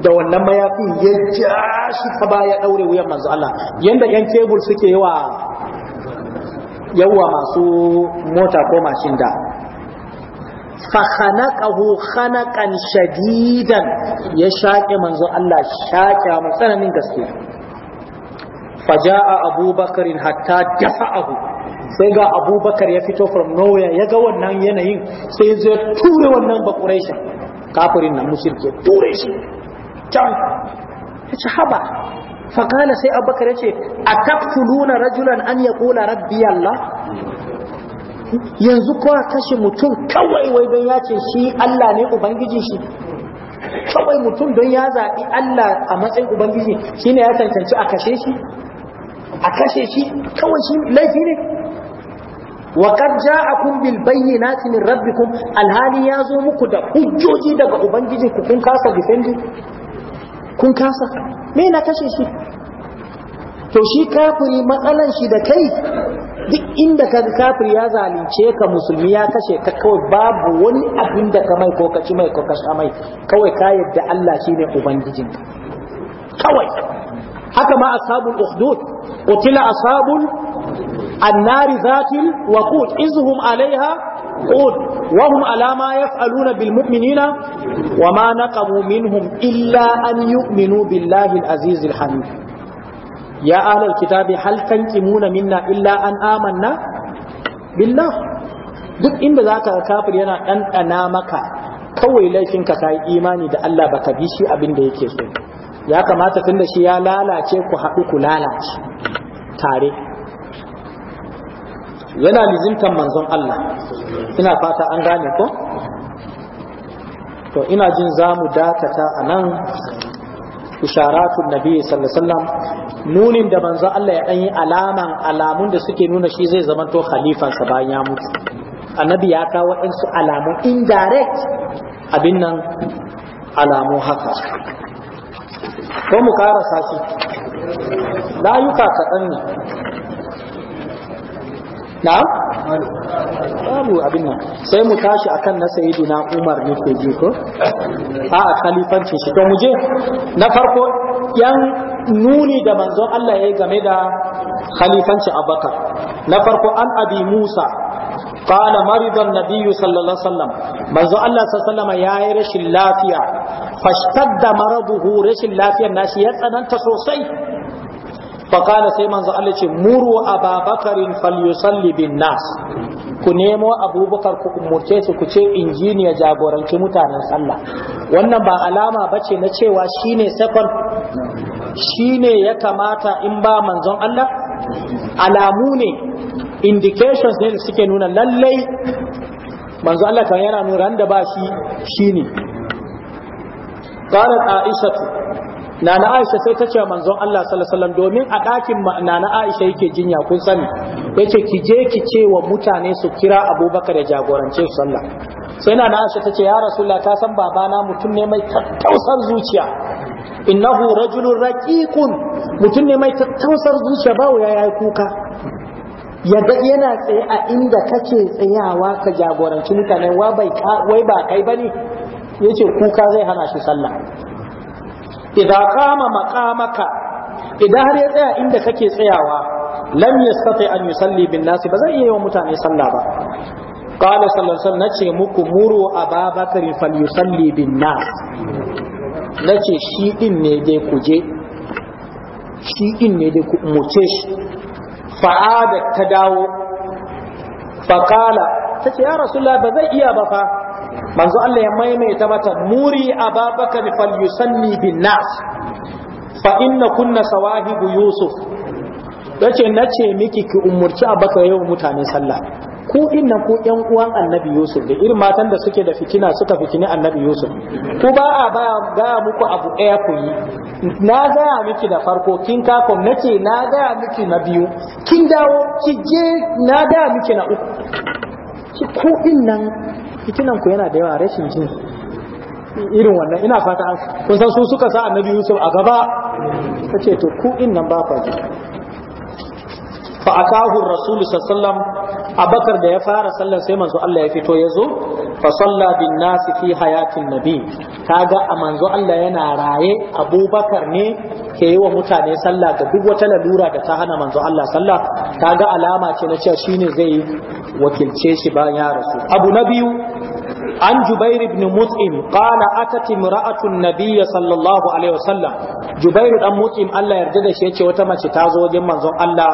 da wannan mayafin ya ja shi ta baya daure wuyan manzo Allah yanda yan kebul suke yawa yawa masu mota ko mashin da fa khanaqahu khanaqan shadidan ya shaƙe manzo Allah shaƙe mu tsananin gaske faja'a abubakar hatta dafa'ahu sai ga abubakar ya fito from nowhere ya ga wannan yanayin sai ya ture wannan bakureshin kafirin nan musulke ture shi can ya ci haba faƙala sai abubakar ya ce a taktuluna rajulan an ya ƙula rabbi Allah yanzu kowa kashe mutum kawai wai don ya ce shi Allah ne ubangiji shi kawai mutum don ya zaɓi Allah a matsayin ubangiji shi ne ya cancanci a kashe shi a kashe shi kawai shi laifi ne a وقد جاءكم بالبينات من ربكم الهالي يازو مكو دا حجوجي دا ubangijinku kun kasa defendi kun kasa me na kashe shi to shi kafiri matsalan shi da kai duk inda ka kafiri ya zalunce ka musulmi ya kashe ka kawai babu wani abin da ka mai ko ka ci mai ko ka sha mai kawai ka yadda Allah shine ubangijin kawai haka ma ashabul ukhdud qutila ashabul annari zatil waqud izhum alaiha mas'ud wa hum alama yaf'aluna bil mu'minina wa ma naqamu minhum illa an yu'minu billahi al-aziz al-hamid ya ahlal kitabi hal tanqimuna minna illa an amanna billah duk inda zaka kafir yana ɗanɗana maka kawai laifin ka kai imani da Allah baka bi shi abin da yake so ya kamata tunda shi ya lalace ku haɗu ku lalace tare yana lizimtan manzon Allah ina fata an gane ko to ina jin za mu dakata a nan isharatun nabi sallallahu nunin da manzon Allah ya dan yi alaman alamun da suke nuna shi zai zama to khalifansa bayan ya mutu annabi ya kawo waɗansu alamu indirect abin nan alamu haka ko mu karasa shi layuka kaɗan ne na babu abin nan sai mu tashi akan na na Umar ne ke ji ko a khalifancin shi to mu je na farko yan nuni da manzon Allah ya yi game da khalifanci Abubakar na farko an abi Musa qala marida an-nabiy sallallahu alaihi wasallam manzon Allah sallallahu alaihi wasallam yayi rashin lafiya fashtadda maraduhu rashin lafiyar nashi ya tsananta sosai faƙala sai manzo Allah ce muru ababakarin falyusalli bin nas ku nemo abubakar ku umurce su ku ce injiniya jagoranci mutanen sallah wannan ba alama ba ce na cewa shine second shine ya kamata in ba manzon Allah alamu ne indications ne suke nuna lallai manzo Allah kan yana nuna da ba shi shine qalat aishatu nana aisha sai ta ce wa manzon Allah sallallahu domin a ɗakin nana aisha yake jinya kun sani yace ki je ki ce wa mutane su kira abubakar ya jagorance su sallah sai nana aisha ta ce ya rasulullah ka san babana mutum ne mai tattausar zuciya innahu rajulun raqiqun mutum ne mai tattausar zuciya ba ya yayi kuka ga yana tsaye a inda kake tsayawa ka jagoranci mutane wa bai wai ba kai bane yace kuka zai hana shi sallah idza kama maqamaka idan har ya tsaya inda kake tsayawa lam yastati an yusalli bin nasi ba zai iya wa mutane sallah ba qala sallallahu alaihi nace muku muru ababakar yusalli bin nas nace shi din ne dai kuje shi din ne dai ku muce shi fa'ada ta dawo qala tace ya rasulullah ba zai iya ba fa manzo Allah ya maimaita mata muri ababaka yusanni bin nas fa inna kunna sawahibu yusuf Dace nace miki ki umurci abaka yau mutane sallah ku inna ku yan uwan annabi yusuf da irin matan da suke da fitina suka fitini annabi yusuf ku ba a ba ga muku abu ɗaya ku yi na gaya miki da farko kin ko nace na gaya miki na biyu kin dawo ki je na gaya miki na uku ku innan fitinan ku yana da yawa rashin jin irin wannan ina fata an kun san su suka sa annabi yusuf a gaba ta ce to ku in nan ba ku fa akahu rasul sallallahu abakar da ya fara sallar sai manzo Allah ya fito ya zo fa salla bin nasi fi hayatin nabi kaga a manzo Allah yana raye abubakar ne ke yi wa mutane sallah ga duk wata lalura da ta hana manzo Allah sallah kaga alama ce na cewa shine zai wakilce shi bayan ya rasu abu na biyu an Jubairu ibn mut'im qala atat imra'atu an-nabiy sallallahu alaihi wasallam jubair dan mut'im Allah yarda da shi yace wata mace ta zo wajen manzon Allah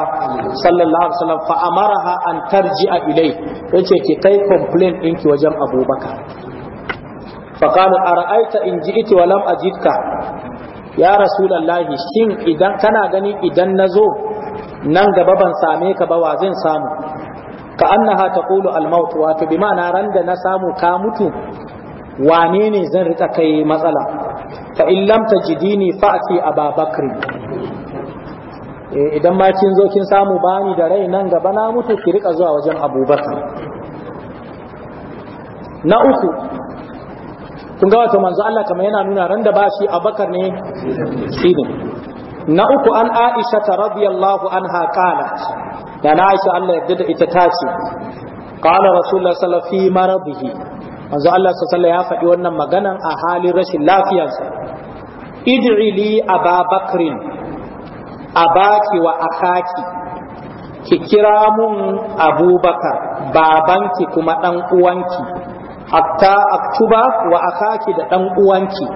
sallallahu alaihi wasallam fa amaraha an a ilai yace ki kai complaint ɗinki wajen Abubakar fa qala ara'aita in ji'ti wa lam ajidka ya rasulallahi shin idan kana gani idan nazo nan gaba ban same ka ba wa zan samu ka annaha taqulu al-maut wato bi ma'ana ran da na samu ka mutu wane ne zan rika kai matsala fa in lam tajidini fa ati eh, idan ma kin zo kin samu bani da rai nan gaba na mutu ki rika zuwa wajen abubakar na uku kun ga wato manzo Allah kamar yana nuna ran da bashi Abakar ne shi ne na uku an aisha ta radiyallahu an qalat da na aisha Allah ya da ita ta ce qala rasulullah salafi mara bihi, wanzu Allah ya faɗi wannan maganan a halin rashin lafiyarsa ba li a baki wa akaki ki kira mun abubakar babanki kuma dan uwanki hatta aktuba wa akaki da dan uwanki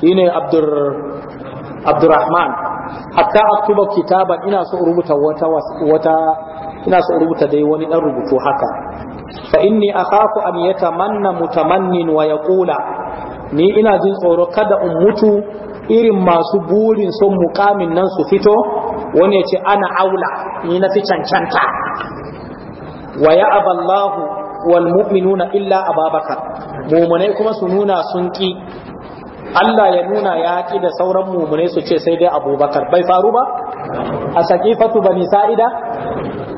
shine abdur abdurrahman hatta aktuba kitaban ina so rubuta wata wata ina so rubuta dai wani dan rubutu haka fa inni akhafu an yatamanna mutamannin wa yaqula ni ina jin tsoro kada in mutu irin masu burin son mukamin nan su fito wani ya ce ana aula ni na fi cancanta wa ya aballahu wal mu'minuna illa ababakar muminai kuma su nuna sun ki Allah ya nuna ya ki da sauran mumune su ce sai dai abubakar bai faru ba a saƙifatu bani sa'ida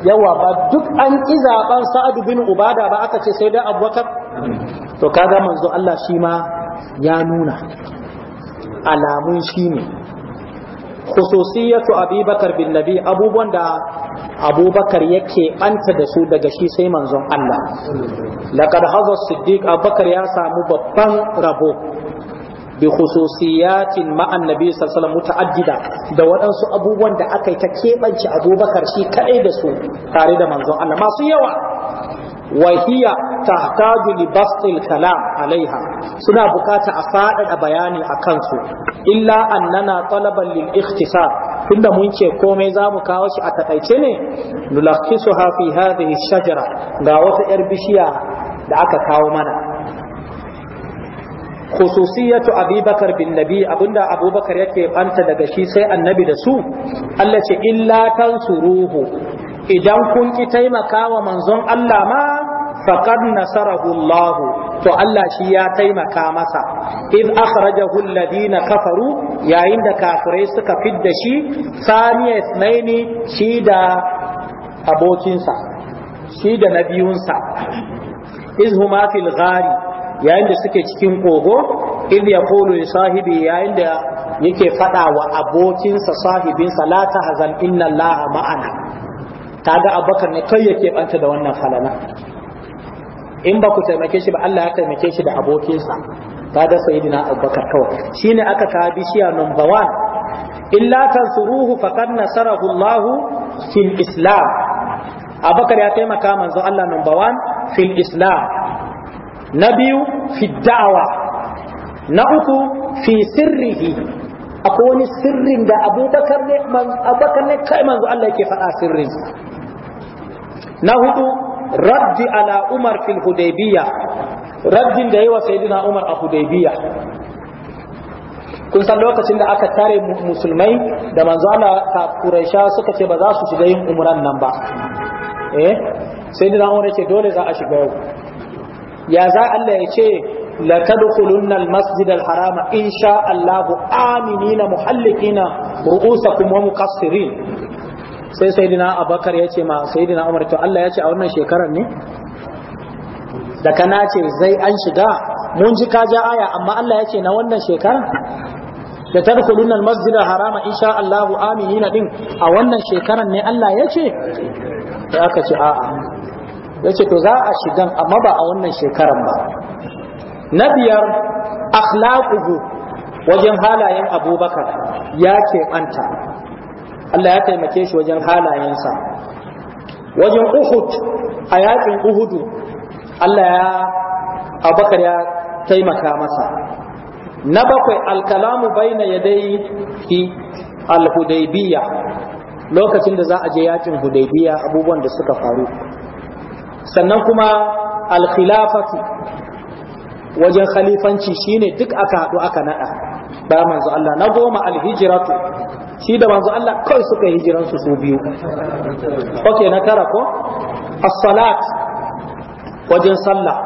yawa ba duk an ƙi zaɓen sa'adu bin ubada ba aka ce sai dai abubakar to kaga manzo Allah shi ma ya nuna alamun shi ne khususiyatu abubakar bin nabi abubuwan da abubakar yake anta da su daga shi sai manzon Allah laqad hadha siddiq abubakar ya samu babban rabo bi khususiyatin ma'an nabi sallallahu muta'addida da waɗansu abubuwan da aka yi ta keɓance abubakar shi kaɗai da su tare da manzon Allah masu yawa wahiya tahtaju li bastil kalam alaiha suna bukata a faɗaɗa bayani a kansu illa annana talaban lil tunda mun ce komai zamu kawo shi a takaice ne nulakhisu ha fi hadhihi shajara ga wata yar bishiya da aka kawo mana khususiyatu abubakar bin nabi abinda abubakar yake banta daga shi sai annabi da su Allah ce illa tansuruhu idan kun ki taimaka wa manzon Allah ma faqad nasarahu Allah to Allah shi ya taimaka masa id akhrajahu alladhina kafaru yayin da kafirai suka fidda shi saniya ismaini shi da abokinsa shi da nabiyunsa iz huma fil ghari yayin da suke cikin kogo idh yaqulu li sahibi yayin da yake fada wa abokinsa sahibinsa la tahzan inna allaha ma'ana kaga Abakar ne kai yake banta da wannan falana in ba ku taimake shi ba Allah ya taimake shi da abokinsa kaga sayyidina abubakar kawai shine aka ka bishiya number 1 illa tansuruhu faqad nasarahu Allah fil islam abubakar ya taimaka manzo Allah number 1 fil islam na biyu fi da'awa na uku fi sirrihi akwai wani sirrin da abubakar ne kai manzo Allah yake faɗa sirrin na hudu raddi ala umar fil hudaybiya raddin da yawa sayyidina umar a hudaybiya kun san lokacin da aka tare musulmai da manzo Allah kafuraisha suka ce ba za su shiga yin umran nan ba eh sayyidina umar ce dole za a shiga yau ya za Allah ya ce la tadkhulunna al-masjid al-haram insha Allah aminina muhallikina ru'usakum wa muqassirin sai sayyidina Abubakar ya ce ma sayyidina Umar to Allah ya ce a wannan shekarar ne da kana ce zai an shiga mun ji ka ja aya amma Allah ya ce na wannan shekarar da tadkhulunna al-masjid al-haram insha Allah aminina din a wannan shekarar ne Allah ya ce sai aka ce a'a ya ce to za a shigan amma ba a wannan shekaran ba na biyar akhlaquhu wajen halayen abubakar ya keɓanta Allah ya taimake shi wajen halayen sa wajen uhud a yakin uhudu Allah ya abubakar ya taimaka masa na bakwai alkalamu baina yadai fi alhudaibiya lokacin da za a je yakin hudaybiya abubuwan da suka faru sannan kuma alkhilafatu wajen khalifanci shine duk aka haɗu aka naɗa ba manzo Allah na goma alhijiratu shi da manzo Allah kawai suka yi hijiran su su biyu ok na tara ko as-salat wajen sallah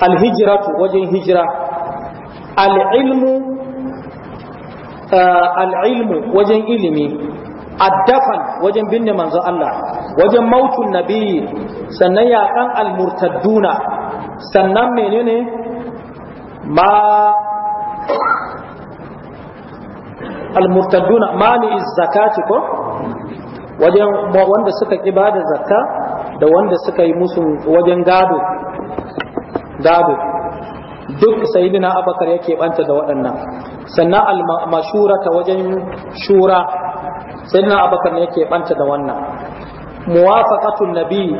alhijiratu wajen hijira al-ilmu eh, al-ilmu wajen ilimi dafan wajen binne manzo Allah wajen mautun nabi sannan yaƙan almurtadduna sannan menene ma almurtadduna mani zakati ko wajen wanda suka ƙi bada zakka da wanda suka yi musu wajen gado gado duk sayidina abakar yake banta da waɗannan sannan almashura ta wajen shura sayidina abakar ne yake banta da wannan muwafaqatun nabi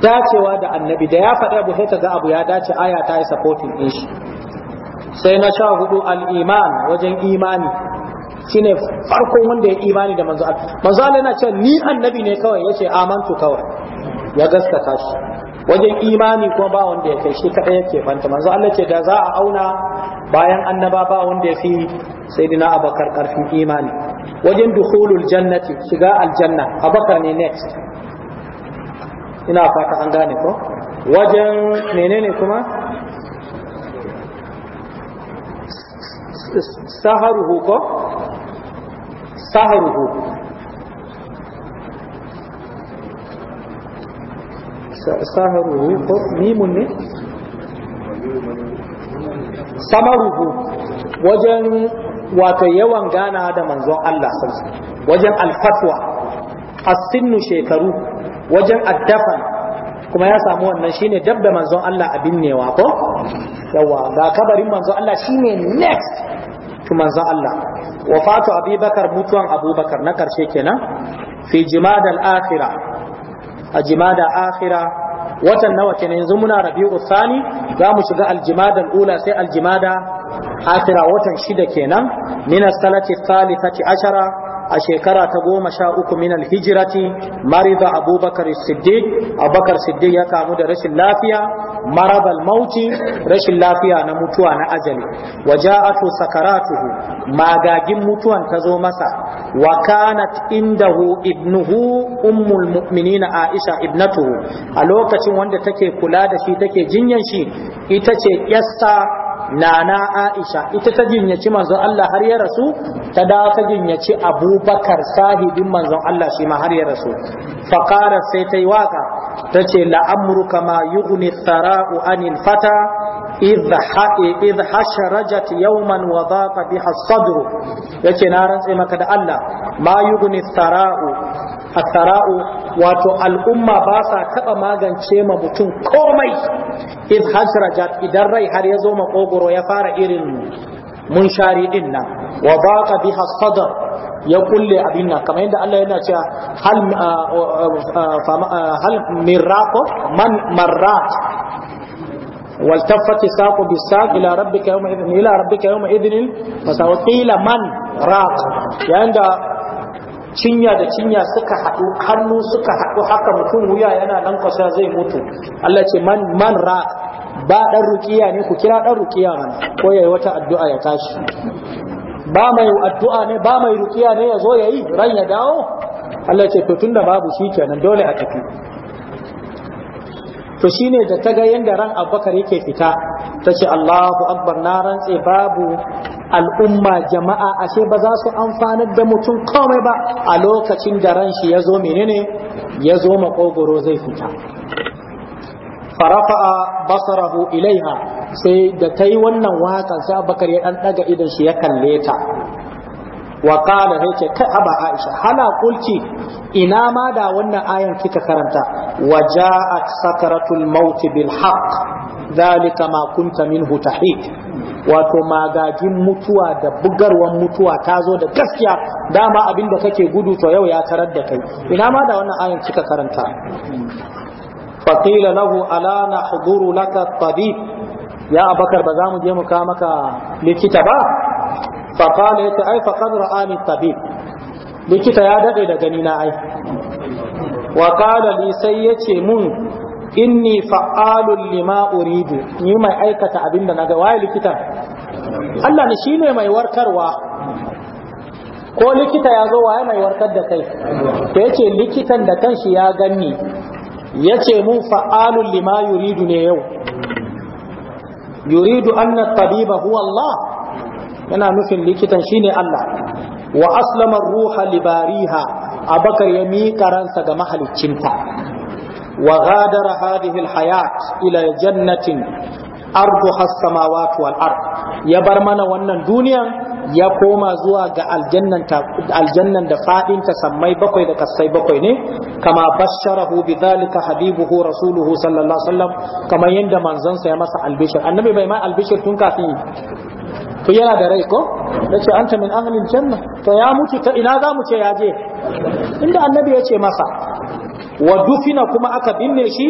dacewa da annabi da ya faɗa abu sai ga abu ya dace aya ta yi supporting din shi sai na sha hudu al-iman wajen imani shine farkon wanda ya imani da manzo Allah manzo Allah yana cewa ni annabi ne kawai yace amantu kawai ya gaskata shi wajen imani kuma ba wanda ya kai shi kadai yake fanta manzo Allah ce da za a auna bayan annaba ba wanda ya fi sayyidina abakar karfin imani wajen dukhulul jannati shiga aljanna abakar ne next ina fata an gane ko wajen menene kuma saharuhu ko saharuhu saharuhu ko mimun ne samaruhu wajen wato yawan gana da manzon Allah wajen alfatwa asinnu shekaru wajen addafan kuma ya samu wannan shine dab da manzon Allah a binnewa ko yawa ga kabarin manzon Allah shine next to manzon Allah wafatu abubakar mutuwan abubakar na karshe kenan fi jimadal al a jimada akhira. watan nawa kenan yanzu muna rabi'u sani za mu shiga aljimada ula sai aljimada akhira watan shida kenan min as-salati thalithati ashara a shekara ta goma sha uku min al Mariva marida abubakar siddiq abubakar siddiq ya kamu da rashin lafiya marabal mauti rashin lafiya na mutuwa na ajali wa ja'atu sakaratuhu magagin mutuwan ta zo masa wa kanat indahu ibnuhu ummul mu'minina aisha ibnatuhu a lokacin wanda take kula da shi take jinyan shi ita ce yassa nana Aisha ita ta jinyaci manzon Allah har ya rasu ta dawo ta jinyaci Abubakar sahibin manzon Allah shi ma har ya rasu faqara sai ta yi waka ta ce la'amruka ma yughni thara'u anil fata idh yawman wa dhaqa biha sadru yace na rantse maka da Allah ma yughni thara'u athara'u wato al'umma ba sa taba magance ma mutum komai idh idan rai har ya zo makogoro ya fara irin munshari din nan wa dhaqa biha sadru ya kulle abin nan kamar yadda Allah yana cewa hal uh, uh, uh, hal miraqo man marrat wal taffati saqu bis saq ila rabbika yawma idhin ila rabbika yawma idhin fasawqila man raq yayin da cinya da cinya suka haɗu hannu suka haɗu haka mutum wuya yana nan kwasa zai mutu Allah ce man man raq ba dan rukiya ne ku kira dan rukiya mana ko yayi wata addu'a ya tashi ba mai addu'a ne ba mai rukiya ne yazo yayi ran ya dawo Allah ce to tunda babu shi kenan dole a tafi to shine da ta ga yanda ran Abubakar yake fita tace Allahu akbar na rantse babu al'umma jama'a ashe ba za su amfanar da mutum komai ba a lokacin da ran shi yazo menene ya zo makogoro zai fita farafa'a basarahu ilaiha sai da ta yi wannan waƙan sai abakar ya ɗan ɗaga idan shi ya kalle ta wa ƙala sai ce kai aba aisha hana kulki ina ma da wannan ayan kika karanta wa ja'at sakaratul maut bil haqq dhalika ma kunta minhu tahid wato Magajin mutuwa da bugarwan mutuwa ta zo da gaskiya dama abinda kake gudu to yau ya tarar da kai ina ma da wannan ayan kika karanta faƙila Alana ala na huduru ya abakar ba za je mu ka likita ba faƙala ya ce ai faƙad ra'ani tabib likita ya daɗe da gani na ai wa sai yace mun inni fa'alun lima ni mai aikata abin da na ga likitan Allah ne shi ne mai warkarwa ko likita ya zo waye mai warkar da kai da yace likitan da kanshi ya ganni ya ce mun fa'alun lima yuridu ne yau yuridu anna tabiba huwa Allah yana nufin likitan shine Allah wa aslamar ruha libariha abakar ya miƙa ransa ga mahaliccinta wa gadara Hadihil Hayat ila jannatin Ardu Hassama samawati wal ya bar mana wannan duniyan ya koma zuwa ga aljannan da fadin ta sammai bakwai da kasai bakwai ne kama basharahu bi dhalika habibuhu rasuluhu sallallahu alaihi wasallam kama yanda sa ya masa albishir annabi bai ma albishir tun kafin to yana da rai ko yace anta min ahlil janna to ya mutu ta ina za mu ce ya je inda annabi ya ce masa wa dufina kuma aka binne shi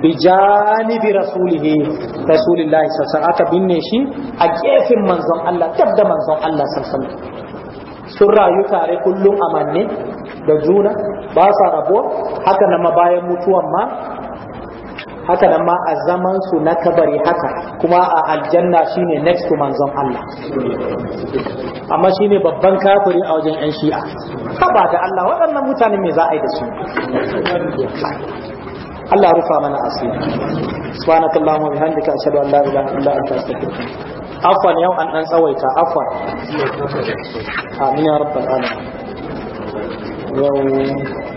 bi janibi rasulihi rasulillahi sallallahu aka binne shi a kefin manzon Allah tabda manzon Allah sallallahu sun rayu tare kullum amanne da juna ba sa rabo haka nan bayan mutuwan ma haka nan ma a zaman su na kabari haka kuma a aljanna shine next to manzon Allah amma shine babban kafiri a wajen yan shi'a ba da Allah waɗannan mutanen me za a yi da su Allah rufa mana asiri subhanakallahumma bihamdika ashhadu an la ilaha illa anta astaghfiruka afwan yau an dan tsawaita afwan amin ya rabbal alamin yau